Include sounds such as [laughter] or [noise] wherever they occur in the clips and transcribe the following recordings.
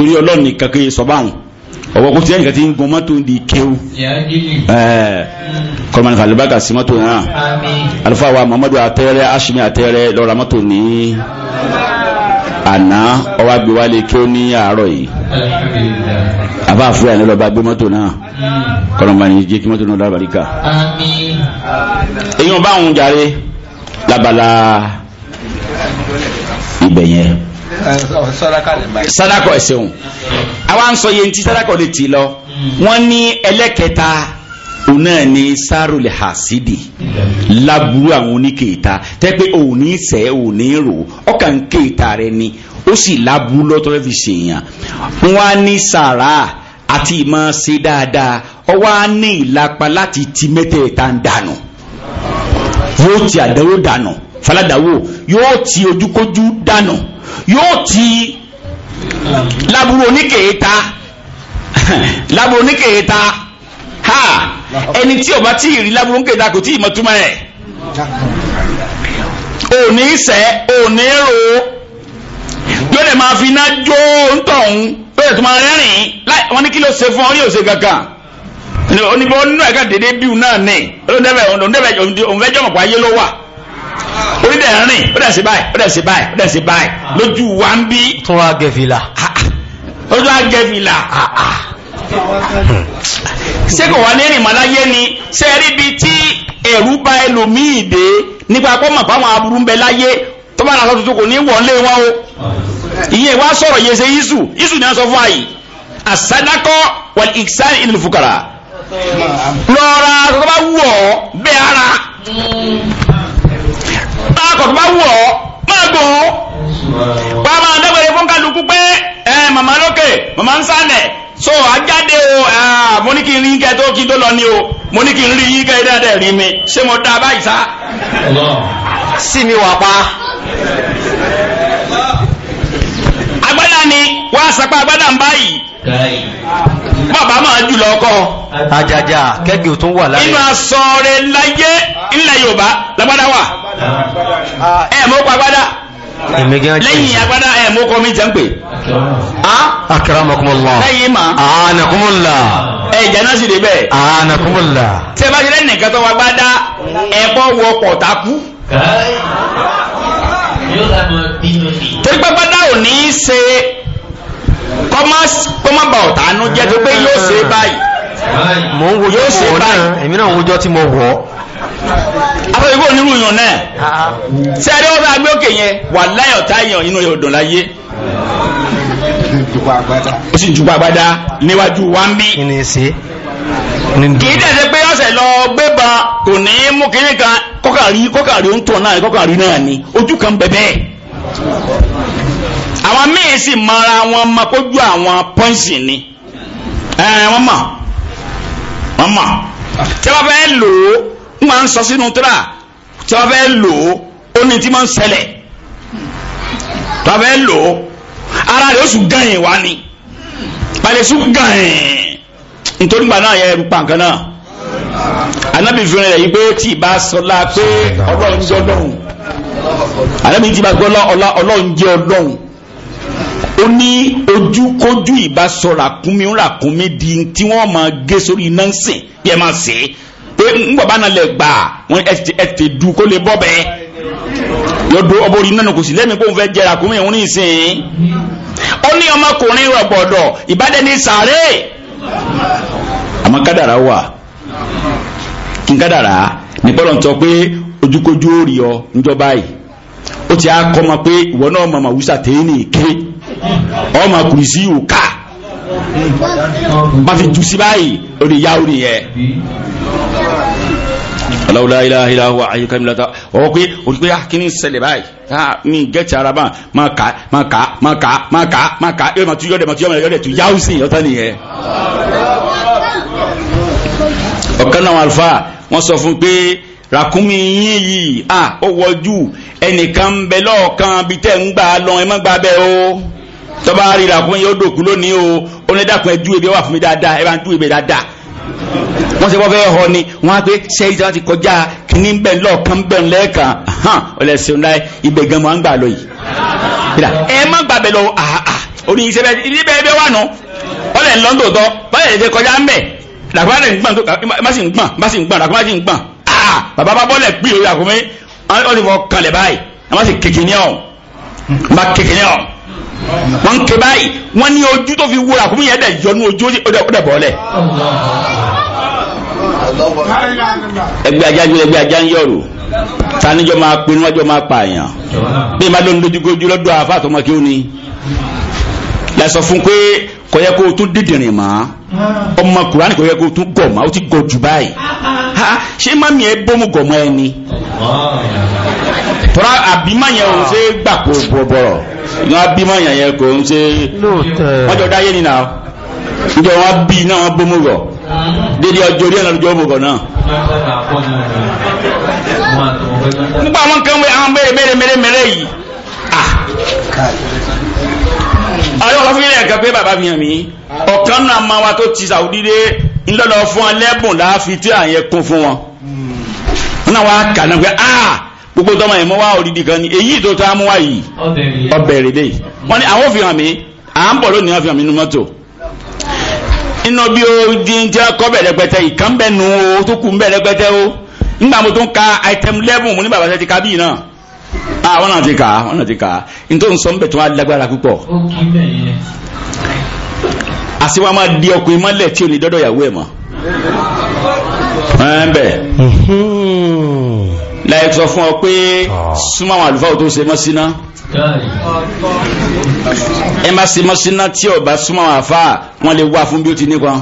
torí ọlọ́run nìkan kí n sọ báwọn ọwọ́ kò tí ẹnìkan ti ń gun mọ́tò ń di kéwù kọlọmọdé kan alibaka sí mọ́tò náà alifa wa Muhammadu atẹ́rẹ́ asimi atẹ́rẹ́ lọ́ra mọ́tò ní àná ọwọ́ agbe wa lè kéwù ní àárọ̀ yìí àbá àfúrà ní lọ́ba gbé mọ́tò náà hmm. kọlọmọdé jẹ́ kí mọ́tò náà lọ́ba ríkà èyí wọn bá jàre lábala ibẹ̀ sadakọ ẹsẹun àwa ń sọ yẹn ti sadakọ lè ti lọ wọn ní ẹlẹ́kẹta òun náà ní sáròlè hasidi laburu àwọn oníkèéta tẹ́pẹ́ òní sẹ́ òní rò ọkàn kéèta rẹ ni ó sì laburu lọ́tọ́ fi ṣèyàn wọn á ní sàrà àti ìmọ̀ ṣe dáadáa ọwọ́ á ní ìlapa láti ti mẹ́tẹ̀ẹ̀ta ń dànù yóò ti àdánwò dànù faladàwò yóò ti ojúkójú dànù yóò ti laburu oníkèéta laburu oníkèéta ha ẹni tí ó bá tí ì rí laburu oníkèéta kò tí ì mọ̀ túmọ̀ ẹ̀ òní sẹ́ òní ro yóò dẹ̀ máa fi iná jó ntọ̀hún yóò dẹ̀ tó máa rẹ́rìn wọ́n ní kí ló ṣe fún ọ yóò ṣe kankan onígbọ́n nínú ẹ̀ka dédé bíu náà ní olóńdẹ́bẹ̀ òǹdẹ́bẹ̀ òǹdẹ́bẹ̀ jọ̀mọ̀pá ayé ló wà dẹ̀ rìn ó dẹ̀ sí báyìí ó dẹ̀ sí báyìí ó dẹ̀ sí báyìí ah. lójú wa ń bí. tún wá gẹ̀fìlà. Ah, ah. lójú wa gẹ̀fìlà. ṣé kò wá ní rìn mọ́ ni ṣé rí bí tí ẹ̀rú bá ẹlòmíì dé nípa pọ́ mọ̀ fáwọn aburú ń bẹ láyé tó bá nàṣọ tuntun kò ní wọlé wọn o ìyẹn wá sọ̀rọ̀ yẹn ṣe isu isu ni wọ́n sọ fún àyè àsádàkọ́ wal ihsan ilẹ̀ fukara lọ́ra tó bá wù ọ́ bẹ́ẹ̀ ara táàkọ̀ bá wù ọ́ máa gbò ó wà máa dágbére fún kálukú pé ẹ màmá lókè màmá ń sálẹ̀ so ajáde o mo ní kí n rí kẹ tó kí n tó lọ ní o mo ní kí n rí yín kẹ dáadáa rí mi ṣé mo dá báyìí sá. sí mi wà pa. agbádá ni wàá sàpá agbádá ń báyìí bàbá máa jùlọ ọkọ àjàjà kẹ́gì tó wà láàrin inú aṣọ rẹ̀ láyé ilẹ̀ Yorùbá lágbádá wà ẹ̀ mọ́ pàgbádá lẹ́yìn agbádá ẹ̀ mọ́ kọ́ mi jẹ́ ń pè akaramakumula lẹ́yìn ma anakumula ẹ̀jẹ̀ náà sì dé bẹ́ẹ̀ anakumula tí ẹ bá ṣe lẹ́nìí kẹtọ́ wa gbádá ẹ̀bọ́ wọ pọ̀tákú torí pàgbádá ò ní í ṣe kọ́mọ́ bá ọ̀tá nú jẹ́ tó pé yóò ṣe báyìí mo ń wojọ́ ṣe báyìí èmi náà wojọ́ tí mo wọ̀ afẹ́ ìwé onírú yàn náà tí ẹni wọ́n bá gbé òkè yẹn wà láyọ̀ táyàn inú yóò dùn láyé ó sì ń jùpá agbádá níwájú wa ń bí kì í dẹ̀ pé ọ̀sẹ̀ lọ gbébọn kò ní mú kínní kan kọ́kàrí kọ́kàrí ó ń tọ̀ náà kọ́kàrí náà ni ojú kan bẹ̀bẹ̀ àwọn míì sì mara wọn mọ kójú àwọn pọ́ǹsì ni wọ́n mọ̀ wọ́n mọ̀ tí wọ́n fẹ́ lò ó ń máa ń sọ sínú tíra tí wọ́n fẹ́ lò ó ó ní tí máa ń tí wọ́n fẹ́ lò ó ara rẹ̀ ó sùn gan yìí wá ni balẹ̀ sùn gan yìí nítorí gbà náà yẹ ẹrù pa nǹkan náà anabi fi rẹ̀ yìí pé tí ì bá sọlá pé ọlọ́run jẹ́ ọlọ́run anabi tí bá gbọ́ ọlọ́run jẹ́ ọlọ́run ó ní ojúkójú ìbá sọ ràkúnmí ń ràkúnmí di tí wọ́n máa gé sórí iná ń sìn bí ẹ máa sè é pé ń bàbá náà lè gbà wọn ẹ ti ẹ ti du kó lè bọ́ bẹ́ẹ̀ lọ́dọ̀ ọbọ̀rí náà kò sí lẹ́mìí kó ń fẹ́ jẹ ràkúnmí ìhun ní ìsìn ó ní ọmọkùnrin rọ̀gbọ̀dọ̀ ìbádẹ́ni sàárè àmọ́ kádàrá wà kí n kádàrá nípa ọ̀nà tó pé ojúkójú ó rí ọ níjọba yìí ó ti á kọ́ ma pé ìwọ náà mọ̀ màwúsà tèé ní ìké ọmọ kùrìsí yóò ká bá fi jù báyìí ó lè yá ó lè yẹ alawula ilaha ilaha ayi kamila ta ọ pe o pe ah kini ṣẹlẹ̀ báyìí ah mi gẹti ara ma ma ka ma ka ma ka ma ka ma ka yọ ma tu yọ dẹ ma tu yọ ma yọ dẹ tu yawu si yọ ta nìyẹn. ọ̀kan náà àlùfáà wọ́n sọ fún pé ràkúnmí yín yìí ah ó wọjú ẹnìkan ń bẹ lọ́ọ̀kan bí tẹ̀ ń gbà lọ ẹ má gbà bẹ́ẹ̀ o tọ́ba rí ràkúnmí yóò dòkú lónìí o onídàkùn ẹjú ebi wà fún mi dáadáa ẹ bá ń dú ebi dáadáa wọ́n ṣe wọ́n fẹ́ họ ni wọ́n á pé sẹ́yìn tí wọ́n ti kọjá kínní bẹ́ẹ̀ lọ́ọ̀kan bẹ́ẹ̀ lẹ́ẹ̀kan hàn ọ̀lẹ́sìn láì ibẹ̀ gan máa ń gbà lọ yìí ẹ má gbàgbẹ́ lọ àhà orí iṣẹ́ bẹ́ẹ̀ ilé bẹ́ẹ̀ bẹ́ẹ̀ wà nù ọ̀lẹ́ ńlọ́ńdò tọ́ báyìí ṣe kọjá ń bẹ̀ làkúrẹ́ ń gbọ̀n má sì ń gbọ̀n má sì ń gbọ̀n làkúrẹ́ sì ń gbọ̀n àhà bàbá bá bọ́lẹ̀ pì lórí àkúnmí fọ kalẹ̀ báyìí wọ́n ń ké báyìí wọ́n ní ojú tó fi wúra kúmí yẹn dẹ̀ yọnu ojú ó dẹ̀ bọ́ọ̀lẹ̀. ẹgbẹ́ ajá ń yọrù ẹgbẹ́ ajá ń yọrù sanijọ́ máa pe níwájú máa pa àyàn bí ìmá ló ń dojúkojú lọ́dọ̀ àfa àtọmọ kí ó ní. lẹ́sọ̀ fún pé kò yẹ kó o tún dídìrín mọ́ ọmọ kùránì kò yẹ kó o tún gọ̀ mọ́ o ti gọ̀ jù báyìí ṣé má mi ẹ bómú gọ̀ mọ́ ẹni. tọ́ra àbí má yẹn o ṣe gbàpọ̀ bọ̀rọ̀ wọ́n bímọ yàn yẹn kò ń ṣe wọ́n jọ dáyé nínà ìjọ wọn bí náà wọn bó mọ̀gọ̀ dédé ọjọ́ orí ẹ̀nà lójọ́ mọ̀gọ̀ náà. nípa àwọn nǹkan àwọn mèrè mèrè mèrè mèrè yìí ah. àwọn ọ̀fún ilẹ̀ ẹ̀kẹ́ pé bàbá mi hàn mí ọ̀kan náà máa wa tó ti Saudi dé ńlọ́lọ́ fún ọ lẹ́bùn láàfin tí àyẹ̀kún fún wọn. wọn náà wá kà náà pé aah gbogbo tọmọ yìí mo wá òdìdí kan ni èyí tó tá a mú wá yìí ọbẹ̀ rèdè wọn ni àwọn òfin hàn mí à ń bọ̀ lónìí àfihàn mi nínú mọ́tò iná bí o di ń jẹ́ kọ́ bẹ̀rẹ̀ pẹ́tẹ́ ìkan bẹ̀ nù o tó kù ń pẹ́tẹ́ o nígbà mo tó ń ka item eleven mo ní bàbá sẹ́ti kábíyì náà ah wọn náà ti kà wọn náà ti kà n tó ń sọ ń bẹ̀ tó wá lágbára púpọ̀ àṣewá máa di ọkùnrin mọ́lẹ̀ tí o ní dọ́dọ̀ ìyàwó ẹ̀ mọ́ ẹ̀ ń bẹ̀. Hmm láì sọ fún ọ pé súnmọ́ àwọn àlùfáà tó ṣe mọ́síná ẹ má ṣe mọ́síná tí ọba súnmọ́ àwọn àfáà wọ́n lè wá fún bí ó ti nípa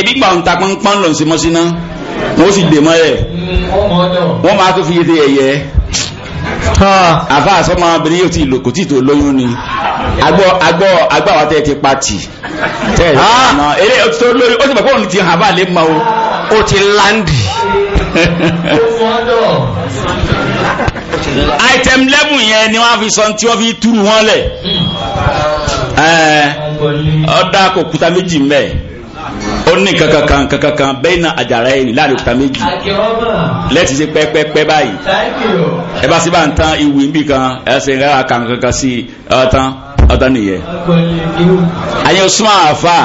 ebi gbà ń ta pọ́npọ́n lọ ṣe mọ́síná wọ́n sì dè mọ́ ẹ̀ wọ́n máa tó fi yé ẹ̀yẹ àfáà sọ́mọ́ abìnrin yóò ti lò kò tí tó lóyún ni agbọ́ agbọ́ agbáwátẹ́ ti pa tì tẹ́ẹ̀ ẹ̀ ẹ̀ ó ti tó lóyún ó ti mọ̀ pé òun ti hàn bá lè mọ́ o ó ti láńdì item 11 yẹn ni wọ́n fi sọ tí wọ́n fi túrù wọn lẹ̀ ọ̀dà òkúta méjì mẹ́ẹ̀ ó ní kankankan kankankan bẹ́ẹ̀ na àjàrà ẹni láàrin òkúta méjì lẹ́tì sí pẹ́pẹ́pẹ́ báyìí ẹ bá sí bá ń tán ìwé níbì kan ẹ sì ń rárá kankankan sí ọ̀tán ọ̀tán nìyẹn. àyẹ̀wò súnmọ́ àáfàá.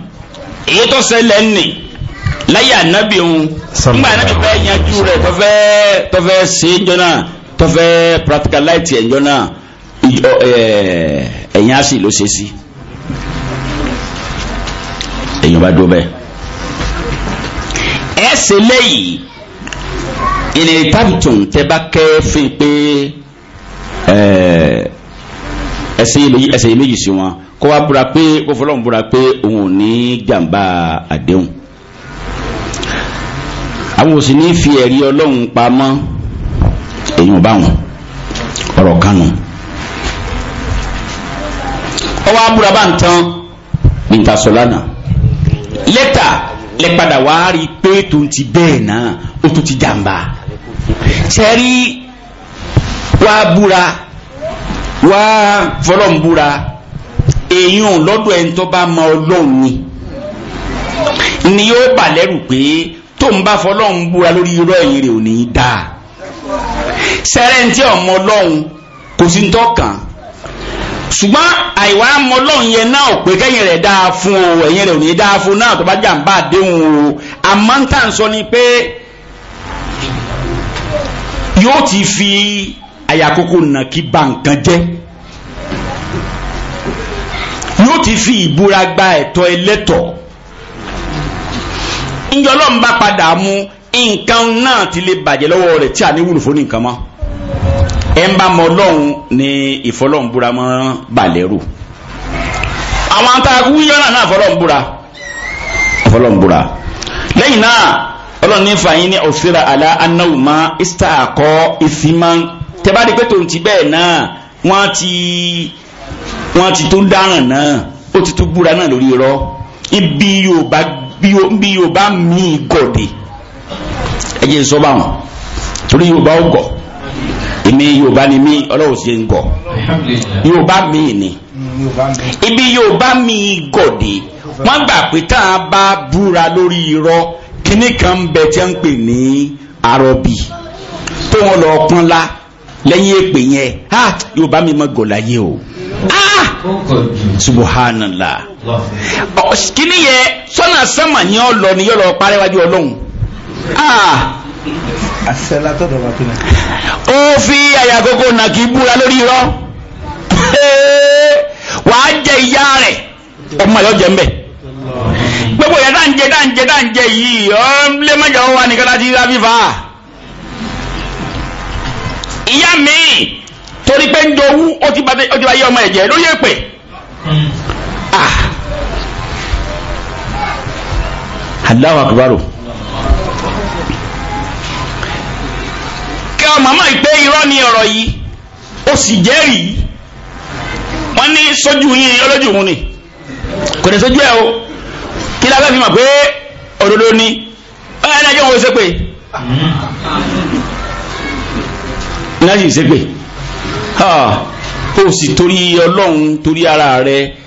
èyí tó ṣẹlẹ̀ nì láyé ànábì òun nígbà ànábì fẹ́ yanjú rẹ̀ tọ́fẹ́ tọ́fẹ́ ṣe é jọ náà tọ́fẹ́ practicalite ẹ̀ jọ náà ẹ̀yìn á sì ló ṣe sí èyàn bá dó bẹ́ẹ̀ ẹ ṣe léyìí ìrìn tábìtùn tẹ bá kẹ́ fi pé ẹsẹ̀ méjì sí wọn kó wá búra pé kó fọlọ́run búra pé òun ò ní jàǹbá àdéhùn àwọn ò sì ní fi ẹ̀rí ọlọ́run pamọ́ èyí ò bá wọn ọ̀rọ̀ kanu ọwọ́ abúra bá ń tán bíntà sọlánà lẹ́tà lẹ́padà wá rí pé tó ń ti bẹ́ẹ̀ náà ó tún ti jàǹbá ṣẹ́rí wá búra wá fọlọ́nbúra èèyàn lọ́dọ̀ ẹni tó bá mọ ọlọ́run ni ni yóò bà lẹ́rù pé tó ń bá fọlọ́nbúra lórí irọ́ ẹ̀yìn rẹ̀ ò ní í dáa sẹ́rẹ̀ntì ọmọ ọlọ́run kò sí ń tọ́kàn ṣùgbọ́n àìwá mọ ọlọ́run yẹn náà ò pé kẹ́yìn rẹ̀ dáa fún o ẹ̀yìn rẹ̀ ò ní í dáa fún náà tó bá jàǹbá àdéhùn o àmọ́ ń tà ń sọ ni pé yóò ti fi ayakoko nà kí ba nǹkan jẹ́ yóò ti fi ìbúra gba ẹ̀tọ́ ẹlẹ́tọ̀ njọlọ ń bá padà mú nǹkan náà ti lè bàjẹ́ lọ́wọ́ rẹ̀ tí a ní wúlò fún nǹkan mọ́ ẹ ń bá mọ ọlọ́run ní ìfọlọ́nbúra mọ́ balẹ̀rù àwọn àtàkùn yọ̀nà náà fọlọ́nbúra fọlọ́nbúra lẹ́yìn náà ọlọ́run ní fàyín ní ọ̀sẹ̀rà àlá anáwùmá ìsítà àkọ́ ìsímá tẹ́bádìí pé tòun ti bẹ́ẹ̀ náà wọ́n ti wọ́n ti tún dáràn náà ó ti tún búra náà lórí irọ́ ibi yorùbá bí yorùbá míì gọ̀dẹ̀ ẹ jẹ́ sọ báwọn torí yorùbá ó gọ̀ èmi yorùbá ni mí ọlọ́run ṣe ń gọ̀ yorùbá míì ni ibi yorùbá míì gọ̀dẹ̀ wọ́n gbà pé tá a bá búra lórí irọ́ kíní kan bẹ tí a ń pè ní arọ́bì tó wọn lọ pọ́n la lẹ́yìn èpè yẹn ha yóò bá mi mọ gọ̀láyé o ah subhanallah kíní yẹ sọ́nà sánmà ni ọ lọ ni yọ lọ parẹ́ wájú ah ó fi àyàgógó nà kí búra lórí irọ́ wàá jẹ ìyá rẹ̀ ọmọ yóò jẹ mbẹ gbogbo yẹn dáǹjẹ dáǹjẹ dáǹjẹ yìí ọ lè má jẹ ọ wà nìkan láti rí ra fífa ìyá mi torí pé ń jowú ó ti bá yé ọmọ ẹ̀jẹ̀ lórí èpè Allahu akbar kí ọmọ mọ̀ pé irọ́ ni ọ̀rọ̀ yìí ó sì jẹ́rìí wọ́n ní sójú yín olójú òun ni kò ní sójú ẹ̀ o kí lábẹ́ fi mọ̀ pé òdodo ni ẹ̀ ẹ́ lẹ́jọ́ wo ṣe pé náà sì ṣépè ó sì torí ọlọ́run torí ara rẹ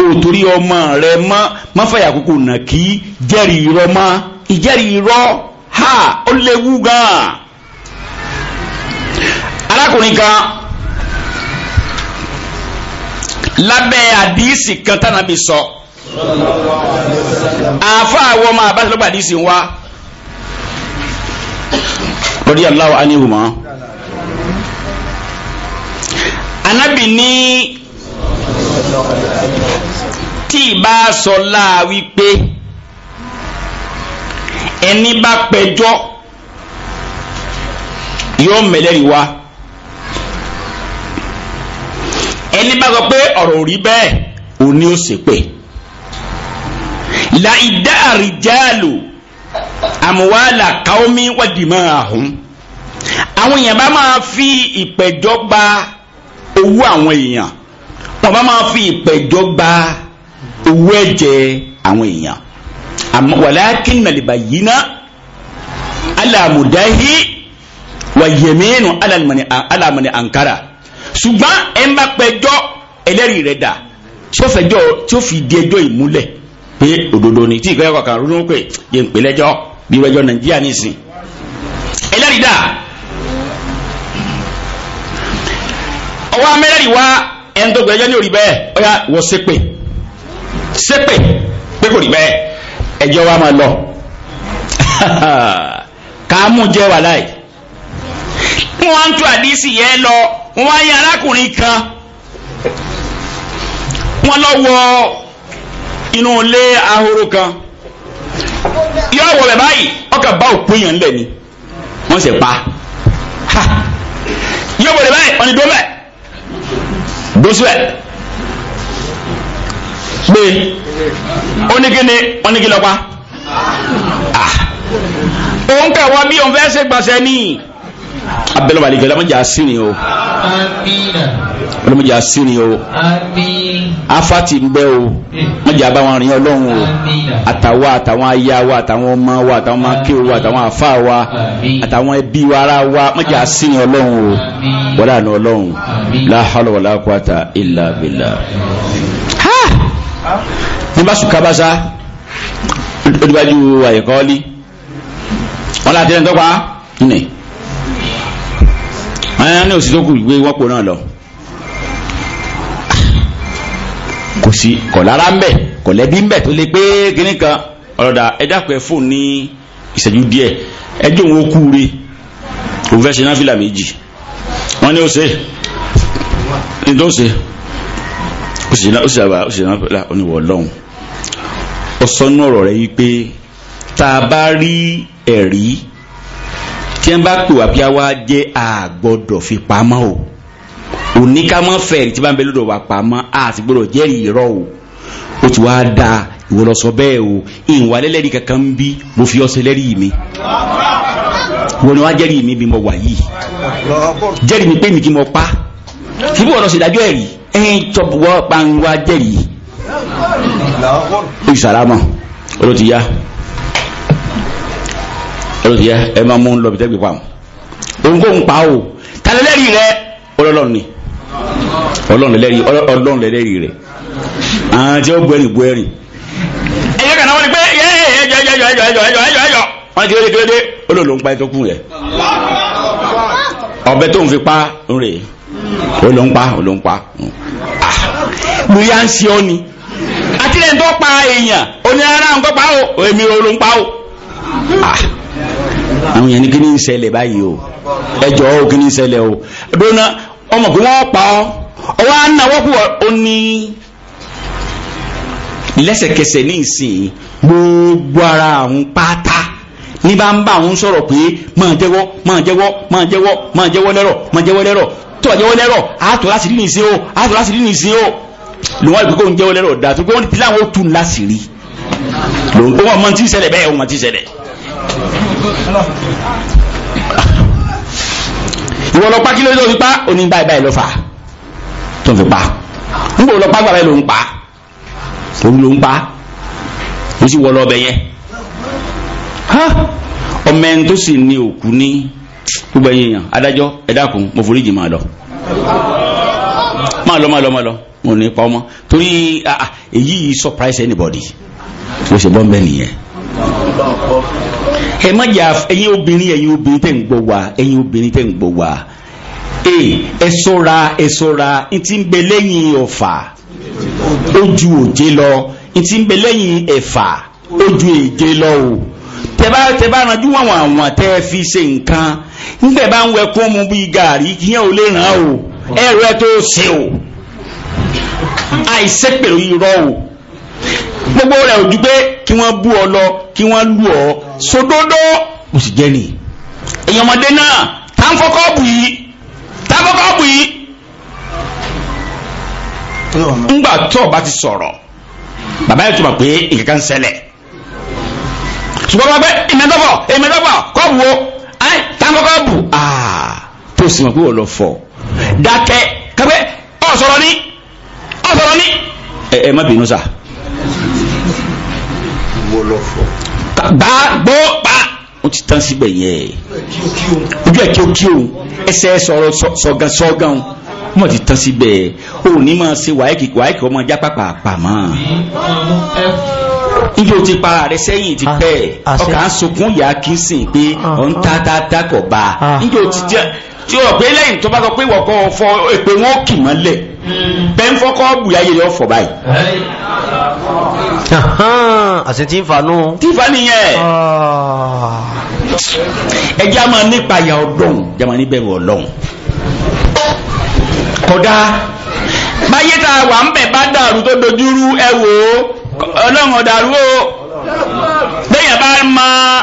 ó torí ọmọ rẹ mọ́ mọ́ fàyà kúkú nà kí jẹ́rìí irọ́ mọ́ ìjẹ́rìí irọ́ ha ó léwu gan-an arákùnrin kan lábẹ́ àdíìsì kan tánàbí sọ àáfàá àwọn ọmọ àbáṣelọ́gbà àdíìsì ń wá lórí aláwọ̀ aníhùmọ́ anábì ní tí ìbá sọlá wípé ẹni bá pẹjọ́ yóò mẹlẹ́rìí wá ẹni bá sọ pé ọ̀rọ̀ ò rí bẹ́ẹ̀ òun ni ó sì pè la ìdá àrìjáàlù àmúwálà káwọ́mí wàdìmọ́ àhún àwọn èèyàn bá máa fi ìpẹ̀jọ́ gba owó àwọn èèyàn wọn bá máa fi ìpẹ̀jọ́ gba owó ẹ̀jẹ̀ àwọn èèyàn àmọ́ wàláàkì nàlìbà yìí ná alàmùdáhì wàyẹ̀mẹ́nu alàmùní àǹkárà ṣùgbọ́n ẹ má pẹ̀jọ́ ẹlẹ́rìí rẹ̀ dà tí ó fẹjọ́ tí ó fi di ẹjọ́ ìmúlẹ̀ pé òdodo ni tí ìkọ́yọ̀ kọ̀ọ̀kan rúnú pé yẹn ń pè lẹ́jọ́ bí wẹ́jọ́ nàìjíríà nìsín ẹlẹ́rìí dà ọwọ́ amẹ́rẹ́rì wá ẹni tó gbẹjọ́ ní orí bẹ́ẹ̀ ọyá wọ́n ṣépè ṣépè pé kò rí bẹ́ẹ̀ ẹjọ́ wa máa lọ [laughs] kàámù jẹ́ wà láì wọ́n wá ń tú àdísì yẹn lọ wọ́n wá yẹ arákùnrin kan wọ́n lọ wọ inú ilé ahoro kan yóò wọ̀ bẹ̀ báyìí ọkà bá òpin yàn lẹ̀ ni wọ́n sì pa yóò wọ̀ bẹ̀ báyìí ọ̀nìdó bẹ́ẹ̀ dosibẹ gbé oníkíni oníkílọpa òun kà wá bí òun fẹ́ ṣe gbàṣẹ ní abẹ́lẹ́wàlì kẹlẹ́ mọ́jà sí o ọlọ́mọdé àṣírí o afati ń bẹ́ o mọ̀jẹ̀ àbá wọn rìn ọlọ́run o àtàwa àtàwọn aya wa àtàwọn ọmọ wa àtàwọn ọmọ akéwò wa àtàwọn àfa wa àtàwọn ẹbí wa ara wa mọ̀jẹ̀ àṣírí ọlọ́run o wọ́n àná ọlọ́run la hawla wala quwata illa billah. ní bá sùn kábàṣá ó dúpájú àyẹ̀kọ́ọ́lì wọn láti ẹni tó pa á nì. àwọn òsì tó kù gbé wọ́pọ̀ náà lọ. kò sí kọ̀ lára ń bẹ̀ kọ̀ lẹ́bí ń bẹ̀ tó lé pé kíní kan ọ̀rọ̀dà ẹja pẹ́ fóun ní ìṣẹ́jú díẹ̀ ẹjọ́ òun ó kú rí òun fẹ́ ṣe náfìlà méjì wọ́n ní ó ṣe ní tó ṣe ó sì ṣe náfìlà oníwọ̀ ọlọ́run ó sọ nú ọ̀rọ̀ rẹ̀ wípé tá a bá rí ẹ̀rí tí wọ́n bá pè wá bí a wá jẹ́ àgbọ́dọ̀ fi pamọ́ o kò ní ká mọ́ fẹ̀rí tí bá ń bẹ lọ́dọ̀ wà pamọ́ a sì gbọ́dọ̀ jẹ́rìí irọ́ o ó ti wá da ìwọ lọ sọ bẹ́ẹ̀ o ìwà lẹ́lẹ́rìí kankan ń bí mo fi ọsẹ lẹ́rìí mi wọ́n ni wá jẹ́rìí mi bí mo wà yìí jẹ́rìí mi pé mi kí mo pa síbí wọ́n lọ ṣèdájọ́ ẹ̀rí ẹ̀yìn tó wọ́ pàǹwá jẹ́rìí ó ìsàlámà ọ̀rọ̀ ti yá ọ̀rọ̀ ti yá ẹ máa mú un lọ bí tẹ́gbẹ̀ pa òun kò ń pa o tàlẹ́lẹ́rìí rẹ ọlọ́lọ́ni ọlọ́run lẹ́lẹ́rìí rẹ̀ àwọn tí ó bú ẹ̀rìn bú ẹ̀rìn. ẹ̀yẹ́ kan náà wọ́n ni pé ẹ̀yẹ́ ẹ̀yọ́ ẹ̀yọ́ ẹ̀yọ́ ẹ̀yọ́ ẹ̀yọ́ ẹ̀yọ́ ẹ̀yọ́ wọ́n ti kéde kéde olóòlò ń pa ètò kùn rẹ̀ ọ̀bẹ tó ń fi pa ń rè olóò ń pa olóò ń pa. lórí ah, à ń ṣe ọ́ ni àtìlẹ́yìn tó pa èèyàn onírárá ń kọ́ pa ó èmi olóò ń pa ó ah, àwọn yẹn ní kí ní ń ṣẹlẹ̀ báyìí o ẹjọ́ ó kí ní ń ṣẹlẹ̀ o ẹgbẹ́ wọn ọmọ pé wọ́n pa ọ́ ọwọ́ anáwọ́pù ó ní lẹ́sẹ̀kẹsẹ̀ ní ìsìn gbogbo ara àwọn pátá ní bá ń bá àwọn sọ̀rọ̀ pé máa jẹ́wọ́ máa jẹ́wọ́ máa jẹ́wọ́ máa jẹ́wọ́ lẹ́rọ̀ máa jẹ́wọ́ lẹ́rọ̀ tó bá jẹ́wọ́ lẹ́rọ̀ àtọ̀ láti rí nìsín o àtọ̀ láti rí nìsín o ló wá ìgbékòó ń jẹ́wọ́ lẹ́rọ̀ dáa tó gbé ti láwọn tún láti rí lòun kó wọn mọ ti ṣẹlẹ̀ bẹ́ẹ̀ wọn ti ṣẹlẹ̀. ìwọ lọ pa kí ló òfin pa oní báyìí báyìí lọ fà á tó fi pa nígbà olùpá bàbá rẹ ló ń pa òun ló ń pa ó sì wọ lọ ọbẹ yẹn ọmọ ẹni tó sì ní òkú ní gbogbo ẹ̀yin èèyàn adájọ́ ẹ dákun mo foríjì máa lọ máa lọ máa lọ máa lọ mo ní pa ọmọ torí èyí yìí surprise anybody mo ṣe bọ́ ń bẹ́ nìyẹn ẹ má jà ẹ̀yin obìnrin ẹ̀yin obìnrin tẹ̀ ń gbọ́ wa ẹ̀yin obìnrin tẹ̀ ń gbọ́ wa ẹ ṣọ́ra ẹ ṣọ́ra n ti ń bẹ lẹ́yìn ọ̀fà ó ju òjé lọ n ti ń bẹ lẹ́yìn ẹ̀fà ó ju èjé lọ o tẹ́bá tẹ́bá ranjú àwọn àwọn tẹ́ fi ṣe nǹkan nígbà bá ń wẹkún mu bíi gàrí yẹn ò lè ràn o ẹ̀rọ ẹ̀ tó ṣe o àìsẹ́ pẹ̀lú irọ́ o gbogbo rẹ̀ ò ju kí wọ́n bú ọ lọ kí wọ́n lù ọ sódódó mo sì jẹ́ nìyí èyàn ọmọdé náà tá ń kọ́kọ́ bù yìí fọ́kọ́ọ̀pù yìí ńgbà tó bá ti sọ̀rọ̀ bàbá yẹn tó mọ̀ pé ìkẹ́kẹ́ ń ṣẹlẹ̀ ṣùgbọ́n bá pẹ́ ìmẹ́tọ́fọ̀ ìmẹ́tọ́fọ̀ kọ́ọ̀bù wo ẹ́ táfọ́kọ́ọ̀bù tó sì mọ̀ pé wọ́n lọ fọ̀ dákẹ́ kápẹ́ ọ̀sọ̀rọ̀ ní ọ̀sọ̀rọ̀ ní ẹ ẹ má bínú sá. wọ́n lọ fọ̀. bá gbó pa ó ti tán síbẹ̀ yẹn ojú ẹ̀ kí o kí o ẹsẹ̀ sọ̀rọ̀ sọ̀gàn sọ̀gàn wọ́n ti tán síbẹ̀ o ní máa ṣe wáyéèkì wáyéèkì ọmọ ajá pàpà pàmò. níbi o ti para rẹ sẹ́yìn ti ah, pẹ́ ọkàn sunkún yà kí n sìn pé ah, ọ̀ ń ta ah. ta ta kọ̀ bá níbi o ti jẹ́ tí o pé lẹ́yìn tó bá sọ pé wọ̀kọ́ fọ èpè wọn kì mọ́lẹ̀ hmm. bẹ́ẹ̀ ń fọ́kọ́ bùyáyé lọ fọ̀ báyìí. àti tí ń fanú. tí ń fanú yẹn. Ah. ẹ jẹ́ a máa nípa ìyá ọlọ́run jẹ́ a máa níbẹ̀ wọ̀ ọlọ́run. kódà báyé tá a wà ń bẹ̀ bá dàrú tó dojúrú ẹ wò ó ọlọ́run ọ̀dàrú o bẹ́ẹ̀ yẹn bá máa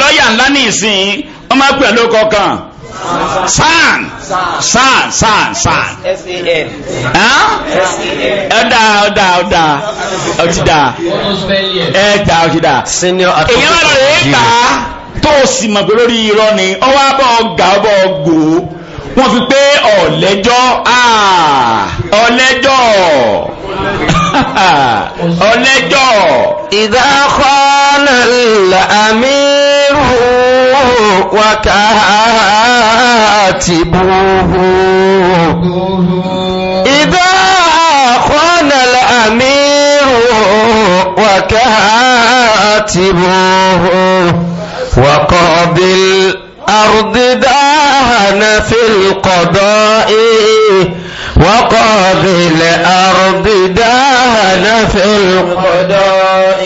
lọ́ọ̀yà ńlá ní ìsìn wọ́n máa pè é lóko kan san san san san ọ̀dà ọ̀dà ọ̀dà ọ̀tìdà ẹ̀ẹ́dà ọ̀tìdà èyàn máa lọ rèé ta tó sì mọ̀ pé lórí irọ́ ni ọwọ́ abọ́ ọ̀gá ọbọ̀ ọ̀gò wọ́n fi pé ọ̀lẹ́jọ́ ah, ọ̀lẹ́jọ́ [laughs] ọ̀lẹ́jọ́. ìdá kọ́nà làmín. فاصبروا وكاتبوه إذا خان الأمير وكاتبوه وقاض الأرض دان في القضاء وقاض الأرض دان في القضاء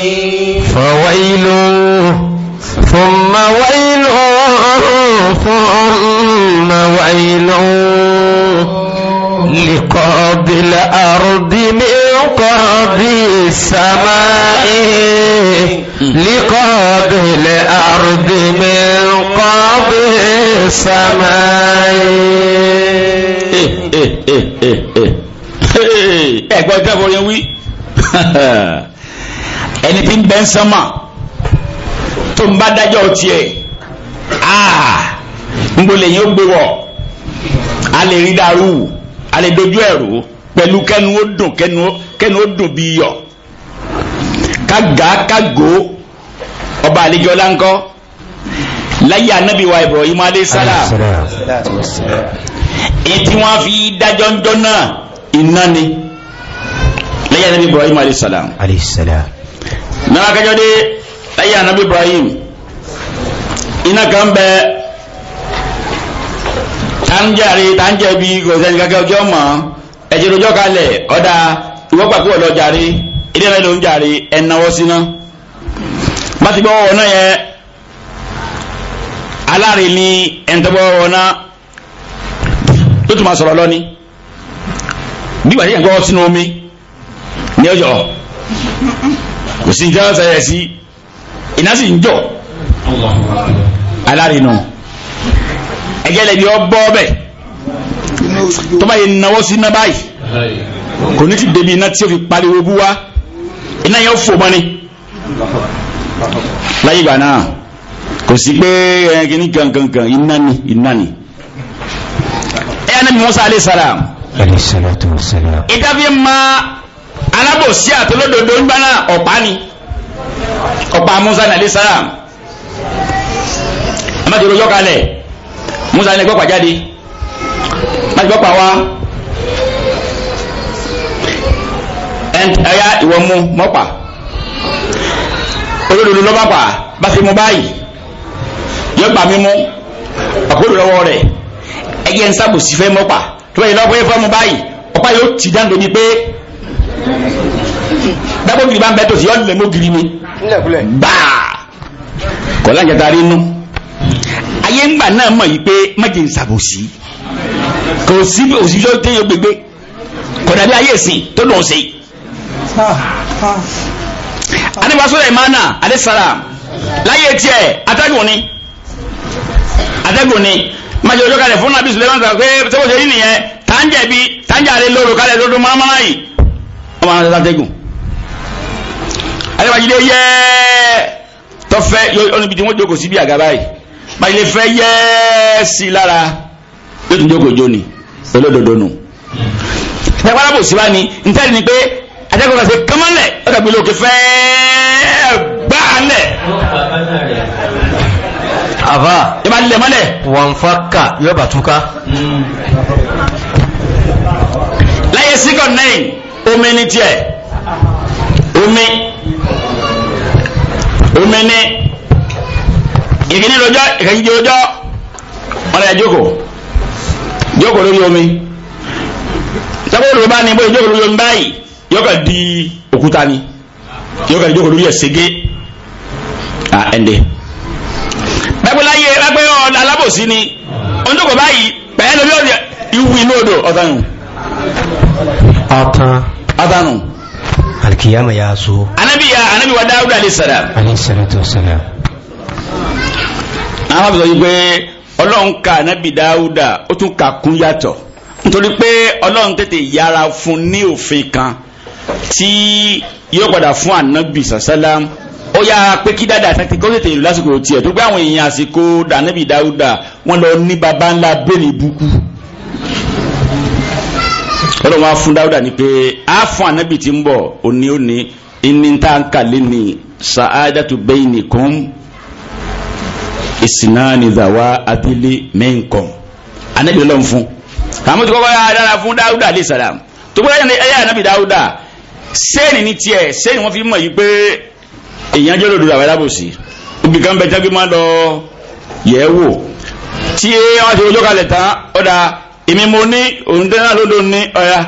فويل ثم ويل ثم ويل لقاض الأرض من قاض السماء لقاض الأرض من قاض السماء ẹgbọ́n tẹ́bọ̀ yẹn wí ẹni tí ń bẹ́ ń sánmà tó ń bá dájọ́ tiẹ̀ ah, n gbọ́dọ̀ yẹn ó gbé wọ̀ a lè rí dàrú a lè dojú ẹ̀rú pẹ̀lú kẹnu ó dùn kẹnu ó dùn bí yọ̀ kága kágo ọba àlejò ọláńkọ́ láyé anábì wa Ibrahim aleṣálà ètí wọn fi dájọ́ ń jọ́nà iná ni láyé anábì Ibrahim aleṣálà. náà kájọ́ dé lẹ́yìn anabi ibrahim iná kan bẹ tanjari tanjẹbi gòsẹni kankan ọjọ́ mọ́ ẹ̀jẹ̀ lójọ́ kalẹ̀ ọ̀dà ìwọ́ pàkó ọ̀lọ́ jàre ilé rẹ̀ ló ń jàre ẹ̀náwó síná bá ti gbọ́ ọ̀nà yẹn aláàrin ní ẹ̀ńtọ́gbọ́ ọ̀nà tó tún máa sọ̀rọ̀ lọ́ni bí wàá yẹn gbọ́ sínú omi ní ọjọ́ kò sí ní tí wọ́n sẹ̀yẹ̀ sí iná sì ń jọ alárinà ẹ̀jẹ̀ lẹ́bi ọ bọ́ bẹ́ẹ̀ tó bá yẹ náwó sí iná báyìí kò ní ti débi iná tí ó fi pariwo bú wá iná yẹn ó fò mọ́ ni láyé ìgbà náà kò sí pé ẹ̀yìn ní kankankan iná ni iná ni ẹ̀yà náà Mùsá alẹ́ sára ìdábí ma alábòsí àtolódodo ń gbá náà ọ̀pá ni ọ̀pá musa nàlẹ́ sàrám amadu olójó kalẹ̀ musa nílẹ̀ gbọ́pàá jáde láti wa. wá ẹ̀yà ìwọ mu mọ́pà olódodo lọ́ba pa bá fi mu báyìí yọ gbà mí mú ọ̀pọ̀lọpọ̀ lọ́wọ́ rẹ̀ ẹ̀yẹ nsàbòsí fẹ́ mọ́pà tó bá yẹ lọ́wọ́ fẹ́ mu báyìí ọ̀pá yóò ti dáńdó ni pé dábò gidi bá ń bẹ tòsí yọ lè mọ gidi ni báà kọlá ń jẹta rí nú ayé ńgbà náà mọ̀ yìí pé májè ń sàbòsí kò sí òṣìṣẹ́ tó yẹ gbégbé kọ̀dà bí ayé ìsìn tó lọ́ọ́ sí. adébásọ́lẹ̀ ìmáàna adésàrà láyé tiẹ̀ atẹ́gùn ni atẹ́gùn ni májè ọjọ́ kalẹ̀ fún nàbí sùlẹ̀ máa pé sẹ́wọ́n ṣe yín nìyẹn tá ń jẹ̀bi tá ń jàre lóru kalẹ̀ lọ́dún máa máa yìí. wọ́n máa ń ayébájílé yẹ tọfẹ ọlọmọbi tí wọn jókòó síbi àga báyìí bájílé fẹ yẹ sí lára yóò tún jókòó jóni olódodo nù. ìtàkùn alábò síbá ni ntẹ́rì ni pé atẹ́kọ̀ọ́ kan ṣe kánmọ́lẹ̀ ọ̀dà gbélé òkè fẹ́ gbá alẹ̀. àbá yóò bá lẹ̀ mọ́lẹ̀. wọ́n ká yóò bá túká. láyé síkọ̀ náà omi ni tiẹ̀ omi omene ìkíní lọ́jọ́ ìkẹyìndé ọjọ́ ọlọyà jókòó jókòó lórí omi sábà olùkọ́ bá ní bóyá jókòó lórí omi báyìí yóò kàn di òkúta ni yóò kàn di jókòó lórí ẹsẹgé à ẹnde pẹ́pẹ́ láyé lápẹ́ ọ̀dà alábòsí ni oníjókòó báyìí pẹ́ẹ́ lórí ọ̀dà ìwú inú odò ọ̀tánù. ọ̀tán. ọ̀tánù alkiyama ya so anabi ya anabi wa dawud alayhisalam alayhisalatu wasalam àwọn àbùsọ yìí pé ọlọ́run ka anabi dawuda ó tún ka kún yàtọ̀ nítorí pé ọlọ́run tètè yára fún ní òfin kan tí yóò padà fún anabi sàsálàm ó yára pé kí dáadáa tètè kó tètè lásìkò tiẹ̀ tó gbé àwọn èèyàn àsìkò anabi dawuda wọ́n lọ ní baba ńlá bẹ́ẹ̀ ní ibùkún ọlọ́run wa fún dáúdà ni pé a fún anabi tí ń bọ̀ òní òní ìní tá a ń kàlẹ́ ní sa'adatu bainikum ìsìnáàni zàwa abílí minkum anabi ọlọ́run fún àmọ́ tí kọ́kọ́ yà dára fún dáúdà alayhi salam tó gbọ́dọ̀ yẹn ẹ̀yà anabi dáúdà sẹ́ẹ̀nì ní tiẹ̀ sẹ́ẹ̀nì wọ́n fi mọ̀ yìí pé èèyàn jẹ́ olódò àwọn alábòsí obì kan bẹ jágbé máa lọ yẹ̀ wò tí wọ́n ti rojọ́ kalẹ̀ tán ọ̀dà èmi mo ní òǹdẹ́nà lódò ní ọ̀yà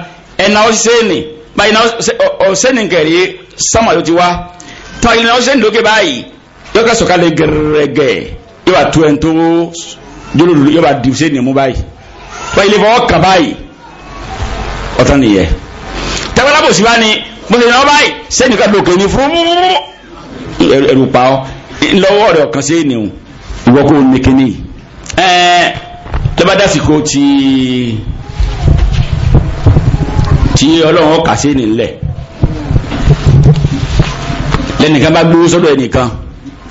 ẹ̀nà ọ̀sẹ́ni báyìí náà ọ̀sẹ́ni kẹ̀rí sọ́mà ló ti wá tàbí náà ọ̀sẹ́ni lókè báyìí yóò ká sọ̀kalẹ̀ gẹ̀rẹ́gẹ̀ yóò bá tu ẹni tó jólólù yóò bá di ọ̀sẹ́ni mú báyìí báyìí lè fọwọ́ kà báyìí ọ̀tọ́ nìyẹn tẹ́wọ́lá bò sí wá ni mo lè náà báyìí sẹ́ni ká lókè ní fúrúmú ẹ̀rù pa ọ́ lọ́wọ́ rẹ̀ ọ̀kan sí lọ́ba dásìkò tí tí ọlọ́run ọkà sí nílẹ̀ lẹ́nìkan bá gbówó sọ́dọ̀ ẹnìkan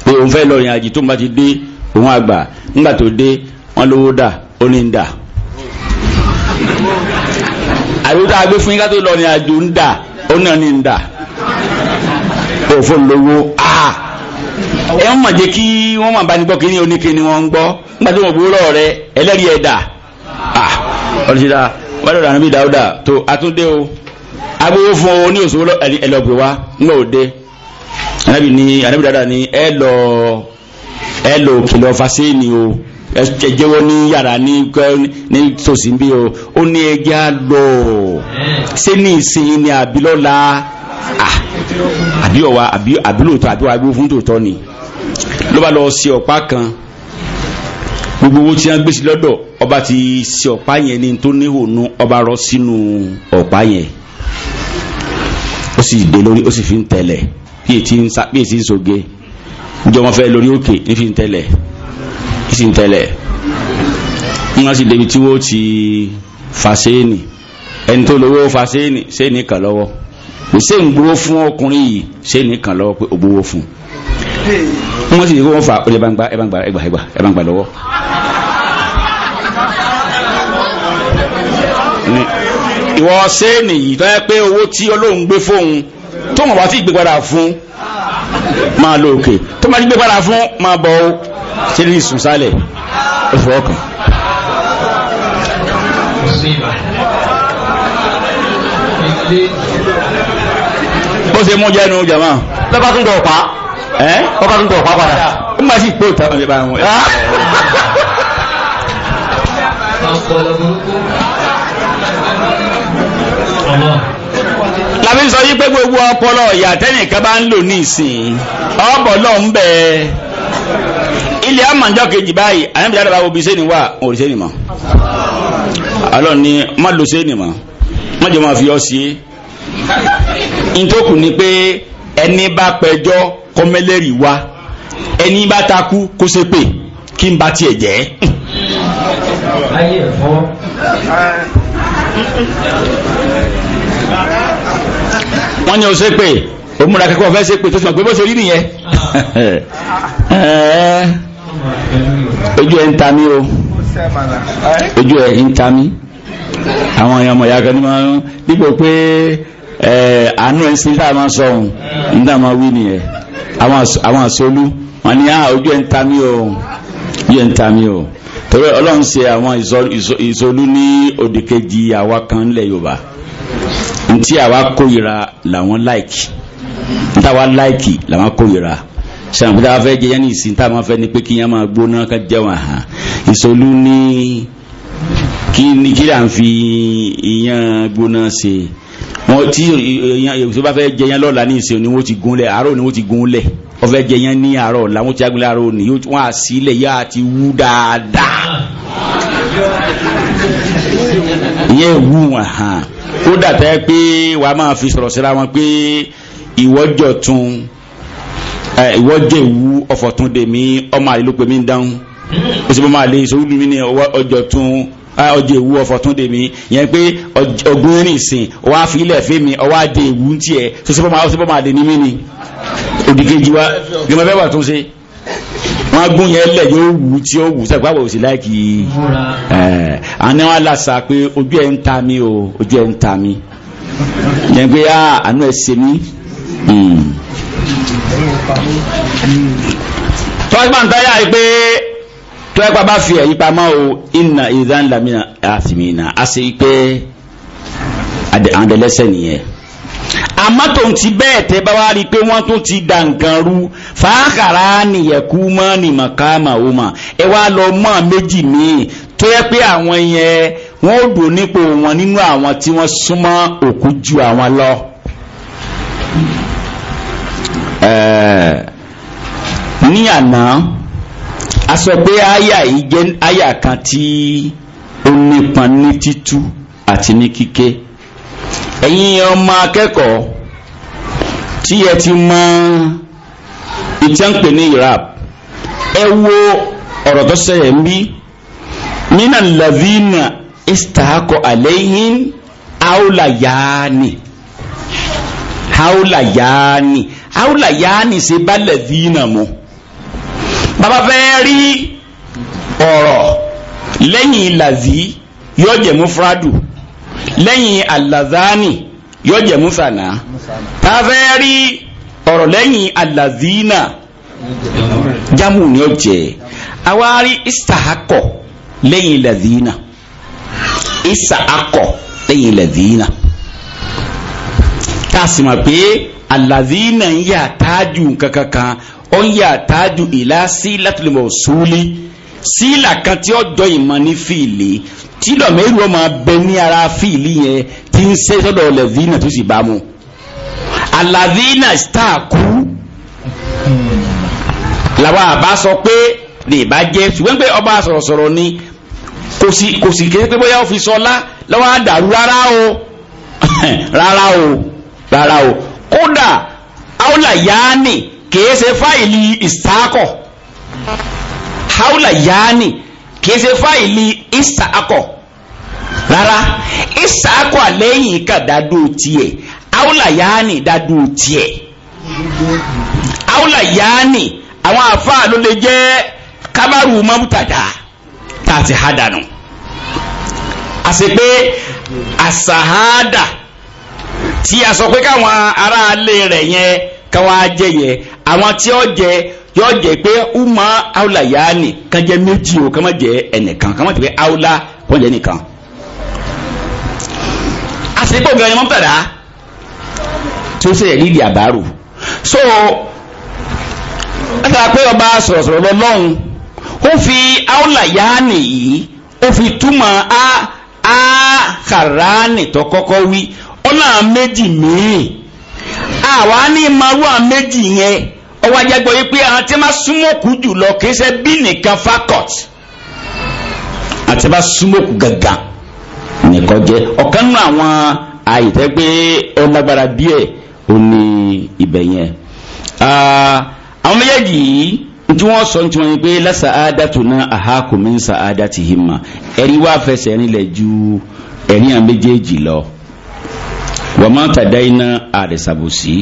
pé òun fẹ́ lọ rìn àjì tó ń bá ti dé òun àgbà ńgbà tó dé wọn lówó dà ó ní ń dà àríwútà agbé fún yíká tó lọ àjò ń dà ó náà ní ń dà òfin lówó ah! ẹ ń mọ̀ jẹ́ kí wọ́n mọ̀ bá ní gbọ́ kí ní oníkíní wọ́n ń gbọ́ nígbàtí wọn gbowó lọ́wọ́ rẹ ẹlẹ́rìí ẹ̀dà ọ̀rọ̀ ti da wọ́n lọ́dọ̀ àrùn dáúdà tó àtúndé o agbowó fún ọ ní òṣòwò ẹlọgbẹ wa ńgbà òde anabi ní anabi dáúdà ní ẹ lọ ẹ lọ o ẹ jẹ́wọ́ ní yàrá ní tòsí bí o ó ní ẹjẹ́ á lọ ṣé ní ìsìn ní àbílọ́la àbí ọ̀wà àbí lóòótọ́ àbí wàá gbó fún tòótọ́ ni ló bá lọ sí ọ̀pá kan gbogbo owó tí wọ́n gbèsè lọ́dọ̀ ọba ti ṣe ọ̀pá yẹn ní tó níhòònú ọba rọ sínú ọ̀pá yẹn ó sì dé lórí ó sì fi ń tẹ̀lẹ̀ bí èsì ń soge ìjọba fẹ́ lórí òkè ní fi ń tẹ̀lẹ̀ ní sì ń tẹ̀lẹ̀ wọ́n sì débi tí wọ́n ti fa séènì ẹni tó lówó fa séènì séènì kan lọ́wọ́ kò séènì gbowó fún ọkùnrin yìí séènì kan lọ́wọ́ pé ó fún un wọ́n sì yí kó wọ́n fa ọ̀lẹ́ ẹ̀bàǹgbà ẹ̀bàǹgbà ẹ̀gbà ẹ̀gbà ẹ̀bàǹgbà lọ́wọ́. ìwọ sẹ́ẹ̀nì yìí tọ́ ẹ pé owó tí olóhùn gbé fóun tó wọn wá sí gbé padà fún máa lọ òkè tó máa gbé padà fún máa bọ̀ ó ṣe ní sùn sálẹ̀ ó sì fọwọ́ kàn. ó ṣe mú jẹ́nu jàmá. bẹ́ẹ̀ bá tún dọ̀ pa ẹ́ ọba tó ń tọ̀ pápára ó máa sì pé òtà ọ̀lẹ́bà wọn lábí ah! sọ yí pé gbogbo ọpọlọ ìyà tẹ́nìkan bá ń lò ní ìsìn ọ̀bọ̀ lọ ń bẹ ilé amàjọ́ kejì báyìí àyẹ̀bí dáadáa wo bí sẹ́ni wà òrì sẹ́ni mọ́ alọ́ọ̀ ni má lo sẹ́ni mọ́ má jọ máa fi ọ́ sí i ntòkù ni pé ẹni bá pẹjọ́ kọ́mẹ́lẹ́rì wa ẹni bá taku kó ṣe pé kí n bá tiẹ̀ jẹ́ wọ́n ní o ṣe pé o múra kẹ́kọ̀ọ́ fẹ́ ṣe pé tó ti pé bó ṣe rí nìyẹn ojú ẹ̀ ń ta mí o ojú ẹ̀ ń ta mí àwọn èèyàn mọ̀ ya kan ma ń dípò pé àánú ẹ̀ sí dáa máa sọ ohun nígbà máa wí nìyẹn àwọn àsolú wọn ni ah, ojú ẹ̀ ń ta mí o ojú ẹ̀ ń ta mí o torí ọlọ́run ṣe àwọn ìsolú ní òdìkejì àwa kan nílẹ̀ yorùbá ntí àwa kórìíra làwọn láìkì ntáwa láìkì làwọn kórìíra sàǹpútà afẹ́ jẹyẹ ní ìsìn táwọn afẹ́ ni pé kí yẹn máa gbóná ká jẹun àhàn ìsolú ní kí ni kí là ń fi ìyẹn gbóná ṣe wọn tí èyàn bá fẹ́ jẹyàn lọ́la ní ìsìn ni wọ́n ti gúnlẹ̀ àárọ̀ ni wọ́n ti gúnlẹ̀ wọ́n fẹ́ jẹyàn ní àárọ̀ ọ̀la wọ́n ti agúnlẹ̀ àárọ̀ ni wọ́n á sílẹ̀ yá àti wú dáadáa ìyẹn wú wọn hàn ó pé wàá máa fi sọ̀rọ̀ síra wọn pé ìwọ́jọ̀ tún ìwọ́jẹ̀ wú ọ̀fọ̀ tún dèmí ọmọ àlè ló pè mí dáhùn ó sì bọ́ máa lè sọ́wọ́dún mi ní ọjọ́ tún Ah, ọjọ́ ewu ọ̀fọ̀ tún dè mí yẹn pé ọgbọ́n rìn sìn ọwọ́ àfilẹ̀ fún mi ọwọ́ àdé ewu ń tiẹ̀ sọ́sọ́pọ̀ máa sọ́sọ́pọ̀ máa dé ní mí ni òdìkejì wa gbẹmọ fẹ́ wà tó ṣe wọ́n gún yẹn lẹ̀ yóò wù tí ó wù sẹ́gbà wò sí láìkì ẹ̀ eh, àná wọn làṣà pé ojú ẹ̀ ń ta mi o ojú ẹ̀ ń ta mi yẹn pé ah, àánú ẹ̀ ṣe mí hmm. tọ́jú máa ń táyà pé tó ẹ pa bá fi ẹ̀yìn pamọ́ o ìnà ìdánlámìnà àfìmìnà a sì pé àdẹ̀lẹ́sẹ̀ nìyẹn àmọ́ tó ń ti bẹ́ẹ̀ tẹ́ bá wá rí i pé wọ́n tún ti dà nǹkan rú fàákàrà nìyẹ̀kú mọ́ ni màkàmà ẹ wá lọ mọ́ méjì míì tó pé àwọn yẹn wọ́n ò dùn nípò wọn nínú àwọn tí wọ́n súnmọ́ òkú ju àwọn lọ. ní àná a sọ pé àyà yìí jẹ́ àyà kan tí ó nípọn ní títú àti ní kíké ẹ̀yin ọmọ akẹ́kọ̀ọ́ tí ẹ ti mọ ìtẹ́ǹpẹ̀ ní iraq ẹ wo ọ̀rọ̀ tó ṣẹlẹ̀ ń bí nínà lavina istahakọ àlẹ́yìn aulayaani aulayaani aulayaani ṣe bá lavina mu bàbá fẹ́ rí ọ̀rọ̀ lẹ́yìn làzí yóò jẹ́ mufradu lẹ́yìn alazani yóò jẹ́ musana tá a fẹ́ rí ọ̀rọ̀ lẹ́yìn alazina jamu ni ó jẹ́ awari istahakọ lẹ́yìn lazina istahakọ lẹ́yìn lazina tá a sì mọ̀ pé alazina ń yà táájú kankan ó ń yà tájú ìlà sílátùl mawsuli sílà kan tí ó jọ ìmọ̀ ní fìlì tí lọ́mẹ́rù ọmọ abẹ ní ara fìlì yẹn tí ń ṣe sọ́dọ̀ lẹ́vínà tó sì bá mu alavina stáàkú làwọn àbá sọ pé lè bá jẹ́ ṣùgbọ́n pé ọba sọ̀rọ̀sọ̀rọ̀ ni kò sì kò sì kéde pé bóyá ó fi sọlá lọ́wọ́ àdàrú rárá o [laughs] rárá o rárá o kódà áwòlà yáá nì kìí ṣe fáìlì ìsáàkọ̀ haúlà yaani kìí ṣe fáìlì ìsáàkọ̀ rárá ìsáàkọ̀ àlẹ́yìn kà dádó tiẹ̀ haúlà yaani dádó tiẹ̀ haúlà yaani àwọn àfáà ló lè jẹ́ kábàrù mọ́mútàdá tá a ti há dànù àti pé àsàhádà tí a sọ pé káwọn aráalé rẹ̀ yẹn káwọn ajẹ́ yẹn àwọn tí ó jẹ yóò jẹ pé uma aula yaani kan jẹ méjì o kan má jẹ ẹnìkan kan má jẹ aula kan jẹ nìkan. àsìkò gan ni wọ́n tàdá tí ó sì rí ìdí àbárò so látara pé ọba sọ̀rọ̀sọ̀rọ̀ lọ́lọ́run ó fi aula yaani yìí ó fi túmọ̀ a a kàránì tó kọ́kọ́ wí ọ̀nà méjì míì àwa ní marua méjì yẹn ọwọ́ ajẹ́gbọ́ yìí pé àwọn tí ma súnmọ́kù jùlọ kì í ṣe bí nìkan fakọ́t àti bá súnmọ́kù gangan nìkan jẹ́ ọ̀kan nínú àwọn àyè tẹ́ pé ó lágbára díẹ̀ ó ní ibẹ̀ yẹn. àwọn méjèèjì yìí tí wọ́n sọ tí wọ́n ní pé lásà áádàtò náà àhákò mi ń sa áádàtì yìí mà ẹ̀rí wá fẹsẹ̀ rinlẹ̀ ju ẹ̀rí àwọn méjèèjì lọ wọ́n máa tàdá iná àdìsàbòsí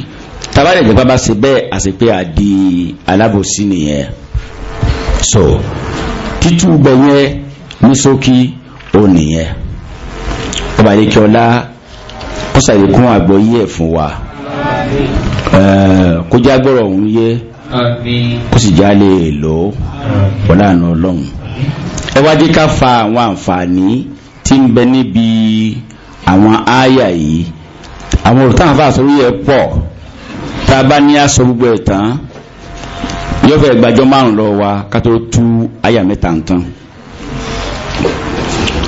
tabale jẹba bá ṣe bẹ́ẹ̀ àṣepé àdí alábòsí nìyẹn so títú bẹyẹ ní ṣókí ó nìyẹn ọba àdékè ọlá ó ṣàlékún àgbọ́yé ẹ̀ fún wa kó já gbọ́rọ̀ ọ̀hún yé kó sì já lè lò ó wọlé àná ọlọ́run ẹ wá jẹ́ ká fa àwọn àǹfààní tí ń bẹ níbi àwọn ááyà yìí àwọn òrùtàn àfàṣọ yẹ pọ̀ tá a bá ní aṣọ gbogbo ẹ̀ tán yóò fẹ́ gbàjọ́ márùn lọ wa ká tó tú àyà mẹ́ta tán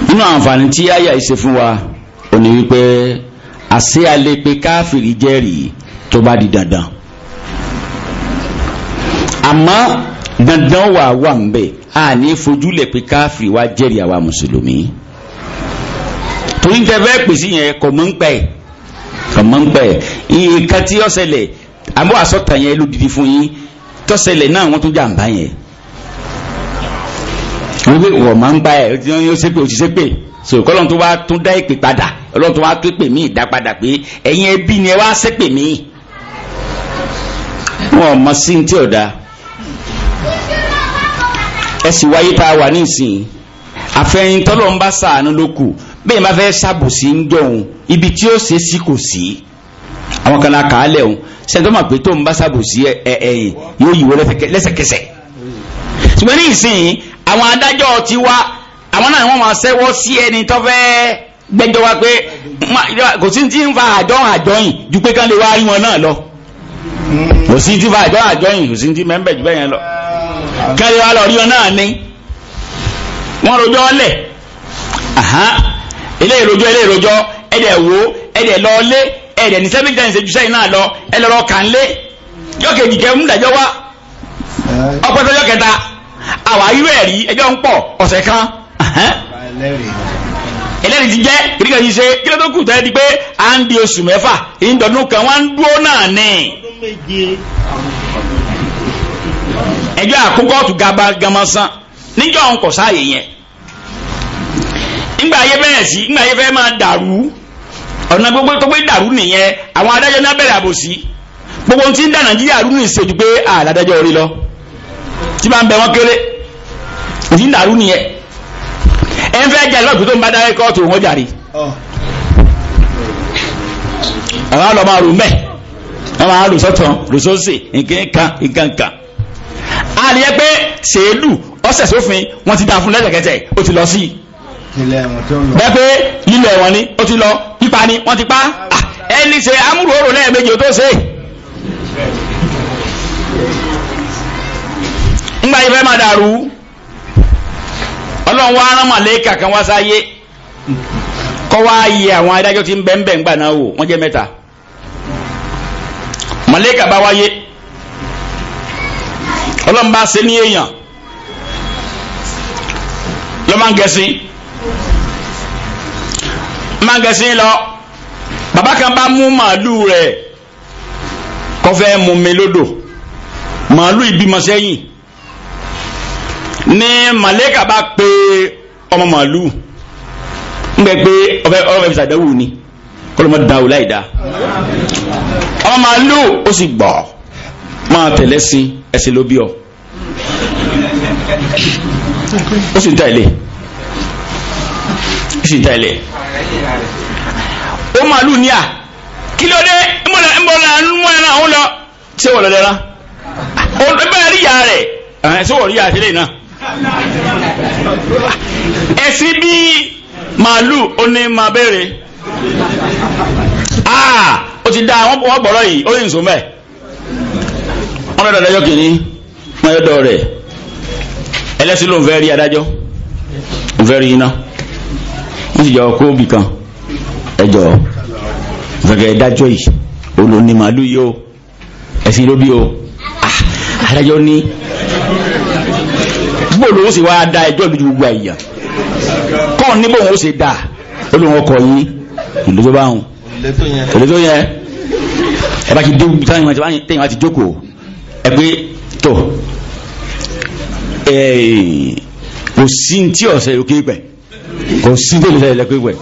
nínú àǹfààní tí àyà yìí fún wa ò ní wípé àṣẹ alẹ́ pé káfìrí jẹ́rìí tó bá di dandan àmọ́ dandan wà wà ń bẹ̀ a ní fojúlẹ̀ pé káfìrí wa jẹ́rìí àwa mùsùlùmí torí ń tẹ́ fẹ́ pèsè yẹn kò mọ́ ń pẹ́ kò mọ́ ń pẹ́ iye kan tí ó ṣẹlẹ̀ àmọ́ àsọ̀tàn yẹn ló dìde fún yín tọ́sẹ̀lẹ̀ náà wọ́n tún jàǹbá yẹn wọ́n pé wọ́n máa ń bá ẹ̀ ọtí yóò ṣépè òtí ṣépè so kọ́lọ́n tó wá tún dá ìpè padà ọlọ́run tó wá tún ìpè míì dá padà pé ẹ̀yin ẹbí ni ẹ wá ṣépè míì wọn mọ sí ní tí ò dáa ẹ sì wáyé tá a wà nísìnyí àfẹ́yìn tọ́lọ́ ń bá sàánú ló bẹ́ẹ̀ bá fẹ́ ṣàbòsí ń jọ̀hún ibi tí ó ṣe sí kò sí. Si àwọn kan la kà o sẹ́ńtọ́ máa pè tó ń bá sábòsí ẹ ẹ ẹ̀yìn yóò yíwọ lẹ́sẹ̀kẹsẹ̀ ṣùgbọ́n ní ìsìn àwọn adájọ́ ti wá àwọn náà wọ́n máa sí ẹni tó fẹ́ wa pé kò sí ti ń fa àjọ àjọyìn ju pé kán lè wá rí wọn náà lọ kò sí ti fa àjọ kò sí ti mẹ́ńbẹ̀ lọ ẹ̀rẹ̀ ní seven times ju sẹ́yìn náà lọ ẹ lọ́rọ́ kà ń lé yọ̀kejì kẹ́ múdàjọ́ wá ọpọtọ́ yọ̀kẹta àwa irú ẹ̀rí ẹjọ́ ń pọ̀ ọ̀sẹ̀ kan ẹlẹ́rìí ti jẹ́ kíríkà yìí ṣe kí ló tó kù di pé à ń di kan ń dúró náà gaba gamasan níjọ́ òun kò sáàyè yẹn. ńgbà ayé bẹ̀rẹ̀ sí ńgbà ayé fẹ́ dàrú ọ̀nà gbogbo tó gbé dàrú nìyẹn àwọn adájọ́ náà bẹ̀rẹ̀ àbòsí gbogbo tí ń dà nàìjíríà rú nìyẹn ṣèjú pé àládájọ́ orí lọ tí máa ń bẹ wọn kéré tí ń dàrú nìyẹn ẹ ń fẹ́ jẹ́ lọ́ọ̀kì tó ń bá dáre kóòtù wọn jàre àwọn àlọ́ máa rò mẹ́ wọ́n máa rò sọ́tàn rò sósì nǹkan nǹkan kan pé ṣèlú ọ̀sẹ̀ sófin wọ́n ti dà fún lẹ́sẹ̀kẹsẹ̀ ó ti lọ sí i bẹ́ẹ̀ pé lílọ ẹ̀wọ̀n ni ó ti lọ pípa ni wọ́n ti pa ah, ẹni ṣe amúrù òrò lẹ́ẹ̀mejì tó ṣe nígbà yìí fẹ́ máa dàrú ọlọ́run wá rán màlẹ́kà kan wá sáyé kọ́ wá yẹ àwọn adájọ́ tí ń bẹ́ ń bẹ̀ ń gbà náà wò wọ́n jẹ́ mẹ́ta màlẹ́kà bá wáyé ọlọ́run bá ṣe ní èèyàn lọ́mọ ń gẹ̀ẹ́sìn. Magasin lọ bàbá kan bá mú màálùú rẹ̀ kọfẹ́ mú mi lódò màálùú ìbímọ sẹ́yìn ní màlẹ́kà bá pe ọmọ màálùú ń bẹ pé ọfẹ́ ọfẹ́ fi sàdẹ́wù ni kọlọmọ da o láì da ọmọ màálùú ó sì gbọ́ máa tẹ̀lé sí ẹsẹ̀ ló bí ọ ó sì ń tẹ̀lé ó sì ń tẹ̀lé ó màálù ni à kí ló dé mọ̀lá mọ̀lá mọ̀ ẹ̀rọ àwọn lọ ṣé wọ́n lọ dẹ́ra bẹ́ẹ̀ rí ìyá rẹ̀ ṣé wọ́n rí ìyá àtẹ́lẹ̀ náà ẹ̀sìn bí màálù ó ní máa béèrè ó ti dá wọ́n gbọ́rọ̀ yìí ó yìn sùn bẹ́ẹ̀ wọ́n lọ́dọ̀ adájọ́ kìíní wọ́n yọ́ dọ̀ rẹ̀ ẹlẹ́sìn ló ń fẹ́ rí adájọ́ ń fẹ́ rí iná ó sì jọ kó kan ẹjọ gẹ́gẹ́ dájọ́ yìí olónímàlú yìí ẹ̀sìn ló bí o ah, adájọ́ ní bóòlù ó sì wá da ẹjọ́ ìlú gbogbo àyà kọ́ ní bóòlù ó sì da olóhùn ọkọ̀ yìí ìlú bá hùn ìlú tó ẹ bá ti dé ibi táwọn ìwọ̀n tẹ̀yìn wá ti jókòó ẹ pé tó kò sí ti ọ̀sẹ̀ òkè pẹ̀ kò sí tó lè ṣẹlẹ̀ lẹ́pẹ́ wẹ̀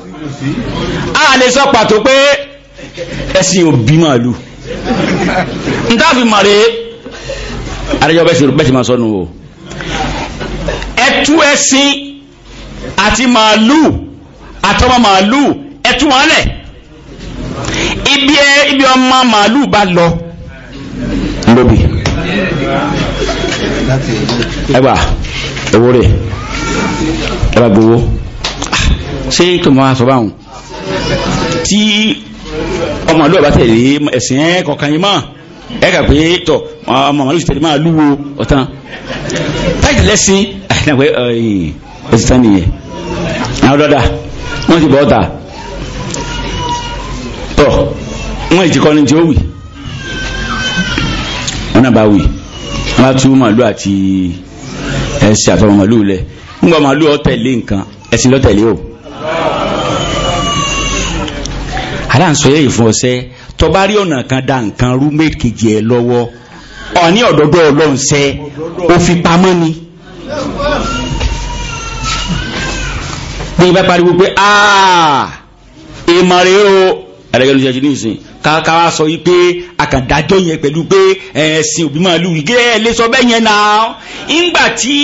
a lè sọ pàtó pé ẹ̀sìn òbí màálù n tá fi màrè àdéjọ bẹ́ẹ̀ ti máa sọnù o ẹtú ẹ̀sìn àti màálù àtọmọ màálù ẹtú wọn lẹ̀ ibi ẹ ibi ọmọ màálù bá lọ lóbi ẹgbà ewúrẹ́ ẹgbà gbowó. ṣé kí mo tí ọmọ àlú ọba tẹ̀lé ẹ̀sìn ẹ̀ kọ̀ọ̀kan yìí mọ̀ ẹ̀ kà pé tọ̀ ọmọ àlú ti tẹ̀lé máa lúwo ọ̀tán táìtì lẹ́sìn ẹ̀sìn tán nìyẹn àwọn dọ́dà wọ́n tọ̀ wọ́n ìjìkọ́ ni tí ó wì wọ́n náà bá àti ẹ̀sìn màlú lẹ̀ ọ̀tẹ̀lé nǹkan ẹ̀sìn o. aláǹsọyẹ ìfọ̀nsẹ́ tọba rí ọ̀nà kan da nǹkan rú méjèèjì ẹ lọ́wọ́ ọ̀ní ọ̀dọ́dọ́ ọlọ́run sẹ́ ó fi pamọ́ ni. bí ibà pariwo pé èèmọ̀ rèé o ẹ̀rẹ́gẹ́ ló ṣe ṣe ní ìsìn káàkà wá sọ wípé àkàndájọ́ yẹn pẹ̀lú pé ẹ̀sìn òbí màálù gé ẹ lè sọ bẹ́ẹ̀ yẹn náà ńgbà tí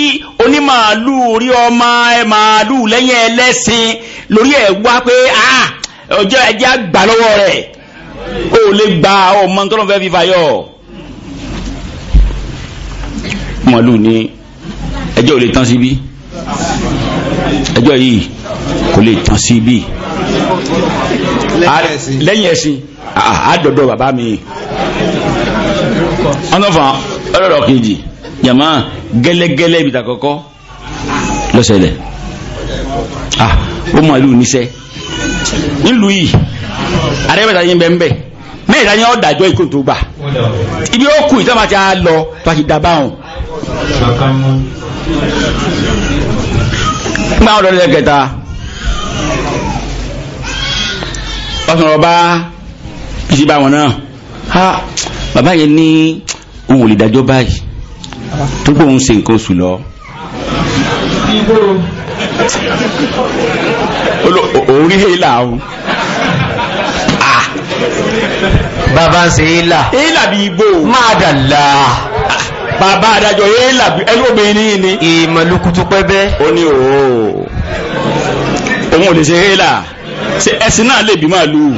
onímàálù rí ọmọ ẹ màálù lẹ́yìn ẹlẹ́sìn lórí ẹ̀ wá pé ọjọ́ ẹjẹ́ àgbà lọ́wọ́ rẹ̀ ó lè gba ọmọ nǹkan fẹ́ fi fàyọ̀ mọ̀lú ni ẹjọ́ ò lè tán síbí ẹjọ́ yìí kò lè tán síbí lẹ́yìn ẹ̀sìn àádọ́dọ́ bàbá mi ọ̀nàfà ọlọ́rọ̀ kejì yàmá gẹ́lẹ́gẹ́lẹ́ ibi tàkọ́kọ́ lọ́sẹ̀lẹ̀ ah ó mọ̀lú níṣẹ́ nílùú yìí àrẹ́bẹ̀ta yín bẹ́ẹ̀ bẹ́ẹ̀ mẹ́ẹ̀dá ni ọ́ dàjọ́ ikú tó gbà ibi ó kù ìtọ́ máa ti á lọ tó a ti dàbá wọn. nígbà wọn lọ lẹ kẹta wọn sọ̀rọ̀ bá bísí bá wọn náà ha bàbá yẹn ní òun ò lè dàjọ́ báyìí tó gbóhùn ṣe nǹkan oṣù lọ òun rí hélà ọ̀hún. bàbá ń ṣe hélà. hélà bí igbó. máa dàlá. Ah. bàbá adájọ́ hélà bí ẹni obìnrin ni. ìmọ̀lúkú tó pẹ́ bẹ́ẹ̀. ó ní òó òun ò lè ṣe hélà ṣe ẹsìn náà lè bí máa lù ú.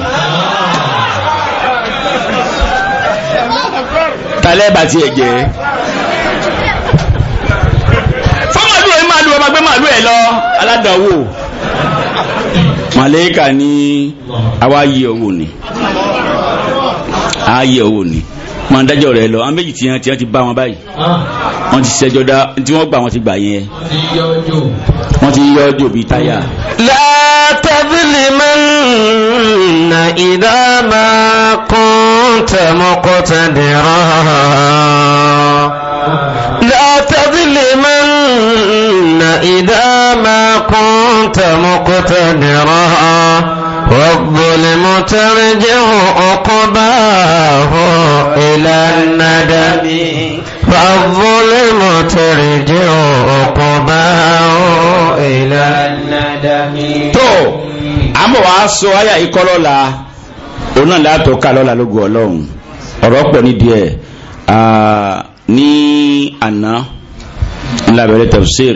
talẹ́ bá tiẹ̀ jẹ́. fọ́mọ̀lú ẹ̀ máa lu ọmọ gbé màálù ẹ̀ lọ aládàáwò màlẹ́kà ní àwa yẹ owó ni a yẹ owó ni wọn dájọ́ rẹ̀ lọ àwọn méjì tiwọn tiwọn ti bá wọn báyìí wọn ti ṣẹjọ́ dá tí wọ́n gbà wọn ti gbà yẹn wọ́n ti yọ ọjọ́ bíi táyà. látàbílì mẹ́rin ìdábàá kún tẹ̀mọ́kọ́tà dẹ̀rọ̀. لا تظلمن إذا ما كنت مقتدرا والظلم ترجع عقباه إلى الندم فالظلم ترجع عقباه إلى الندم تو، àmọ́ wàá sọ àyà ikọ́ lọ́la òun náà látọ̀ ká lọ́la lógo ọlọ́run ọ̀rọ̀ pọ̀ ní àná lábẹ̀rẹ̀ tafsir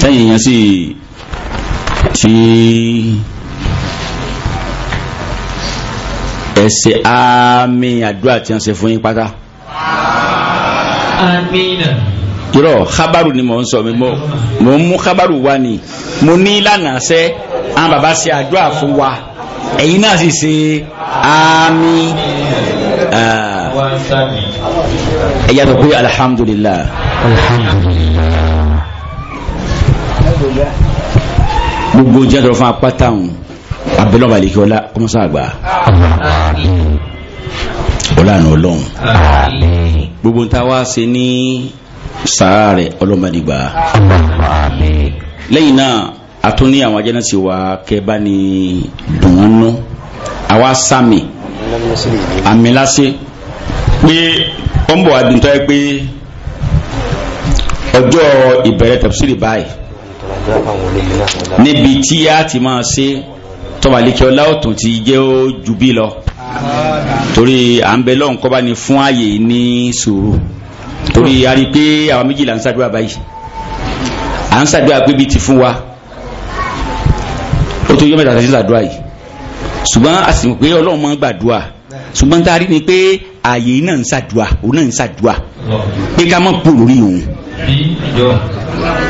tẹ́yìn yẹn sì ti ẹsẹ̀ àmì àdúrà tí wọ́n ṣe fún yín pátá. àmín. yọrọ ni mò ń sọ mi mò ń mú kábàrù wá ni mo ní lánàá sẹ́ àwọn bàbá ṣe àdúrà fún wa ẹ̀yin náà sì ṣe àmín. Uh, ẹ̀yà tó pé alhamdulillah gbogbo jẹ́ tọrọ fún apátahùn abẹ́lọ́bà lè kí ọlá kọmọ́sá àgbà ọlànà ọlọ́run gbogbo ta wá sí ní sàárà rẹ̀ ọlọ́mọdìgbà lẹ́yìn náà àtúní àwọn ajẹ́nà sí wa kẹba ni dùnmọ́nú àwa sami àmìlásí pé ó ń bọ̀ wá dùn tó yẹ pé ọjọ́ ìbẹ̀rẹ̀ tafsiri báyìí níbi tí a ti máa ṣe tọ́balẹ̀kẹ́ ọlá ọ̀tún ti jẹ́ ó ju bí lọ torí à ń bẹ lọ́n kọ́ bá ní fún ààyè ní sùúrù torí a rí pé àwọn méjì là ń ṣàdúrà báyìí à ń ṣàdúrà pé bí ti fún wa ó tó yọ mẹ́ta ṣàdúrà yìí ṣùgbọ́n a sì mọ̀ pé ọlọ́run máa ń gbàdúrà ṣùgbọ́n tá a rí ni pé ààyè náà ń ṣàdúà òun náà ń ṣàdúà pé ká mọ̀ pò lórí òun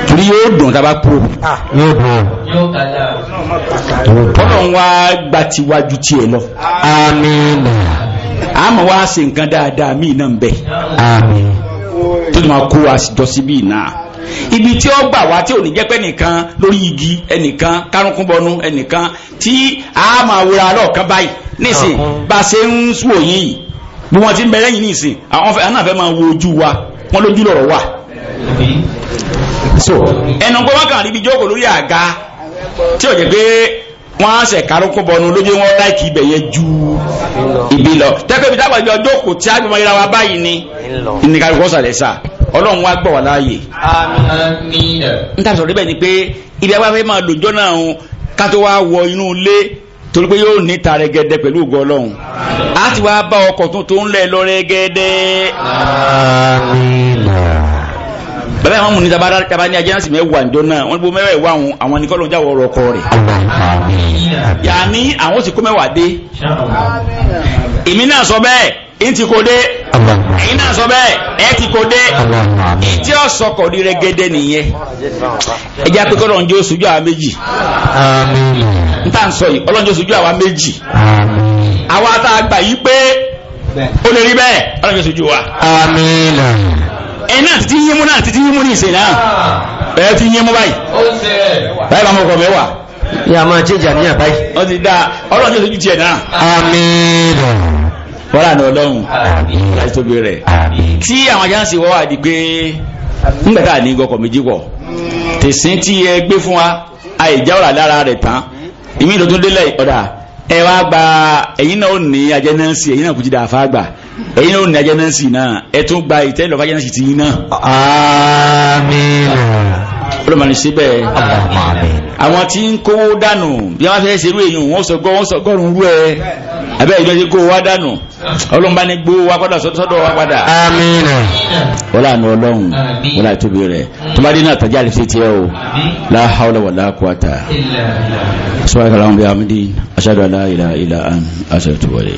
torí yóò dùn tá a bá pò ah. yóò dùn tọ́lọ̀ ń wá gba tiwájú tiẹ̀ lọ. àmín. àmọ́ wá ṣe nǹkan dáadáa míì náà ń bẹ. àmín. tó ti máa kó wa jọ síbí náà ibi tí ó gbà wá tí ò ní jẹ́ pé ẹnìkan lórí igi ẹnìkan kárùnkún bọnu ẹnìkan tí a máa wúra lọ́ọ̀kan báyìí nísìnyí bá a ṣe ń wòyìn yìí bí wọ́n ti ń bẹ lẹ́yìn ní ìsìn àwọn fẹ́ anáfẹ́ máa wo ojú wa wọ́n lójú lọ́rọ̀ wà. so ẹnu pé wọ́n kàn níbi jókòó lórí àga tí ò jẹ́ pé wọ́n á sẹ̀ kárọ́kọ́ bọnu lójú wọn láìkì ibẹ̀ yẹn ju ibi lọ tẹ́pẹ́ ibi táwọn ìjọ jókòó tí a gbé wọn yẹra wa báyìí ni ìnìkàlùkọ́ sàlẹ̀ sà ọlọ́run wa gbọ̀ wá láàyè. n ta sọ̀rọ̀ níbẹ̀ ni pé ibi àwọn afẹ́ máa dòjọ́ náà ká tó wọ inú ilé torí pé yóò ní ta rẹgẹdẹ pẹ̀lú ògo ọlọ́run a ti wá bá ọkọ̀ tuntun ń lẹ̀ lọ rẹgẹdẹ. bàbá yìí wọn mú ní taba ní ajé náà sì mẹ́wàá níjọ náà wọn bó mẹ́wàá ìwà àwọn àwọn ní kọ́lọ́n jáwọ́ ọ̀rọ̀ ọkọ rẹ̀. yàní àwọn ó sì kó mẹ́wàá dé. èmi náà sọ bẹ́ẹ̀ n ti kó dé èyí náà sọ bẹ́ẹ̀ ẹ ti kó dé tí ó sọkọ̀ ní rẹgẹdẹ nìyẹn ẹ jẹ́ pé kọ́lọ́n jó sojú àwọn méjì. níta ń sọ yìí ọlọ́njọ́ sojú àwa méjì àwa tá a gbà yí pé ó lè rí bẹ́ẹ̀ ọlọ́njọ́ sojú wa. amina. ẹ yín mú náà títí yín mú ní ìsìn náà ẹ ti yín mú báyìí. báyìí bá ya ọkọ mẹ́wàá. yà á máa jẹ́ ìjà níyà báyìí. ti dáa ọlọ́njọ́ sojú tiẹ̀ náà. amina. wọ́lá ọlọ́run láti tóbi rẹ̀ tí àwọn wọ́ wà di pé ní gọkọ̀ méjì tí ẹ gbé fún wa rẹ̀ tán ìmí ìlú délẹ̀ ọ̀dà ẹ wá gba ẹ̀yin náà ó ní ajẹ́nẹ́sì ẹ̀yin náà kò ti dà fà gbà ẹ̀yin náà ó ní ajẹ́nẹ́sì náà ẹ tún gba ìtẹ́lẹ̀ ọ̀fà ajẹ́nẹ́sì ti yín náà. àmín. olùmọ̀ni síbẹ̀ àwọn tí ń kówó dànù bí wọ́n fẹ́ ṣerú èèyàn wọ́n sọ gọ́ wọ́n sọ gọ́rùn-ún rú ẹ abẹ́ ìjọ ṣe kó wa dànù ọlọ́run bá ní gbó wa padà sọ́dọ̀ wa padà. amina. wọ́n lànà ọlọ́run wọ́n lànà tóbi rẹ̀ tó bá dín náà tajà lè fi tiẹ̀ o la hawla wala quwata. sọ́wọ́n kàlà wọn bí amúdí aṣáájú aláìlá ìlà àn tó wọlé.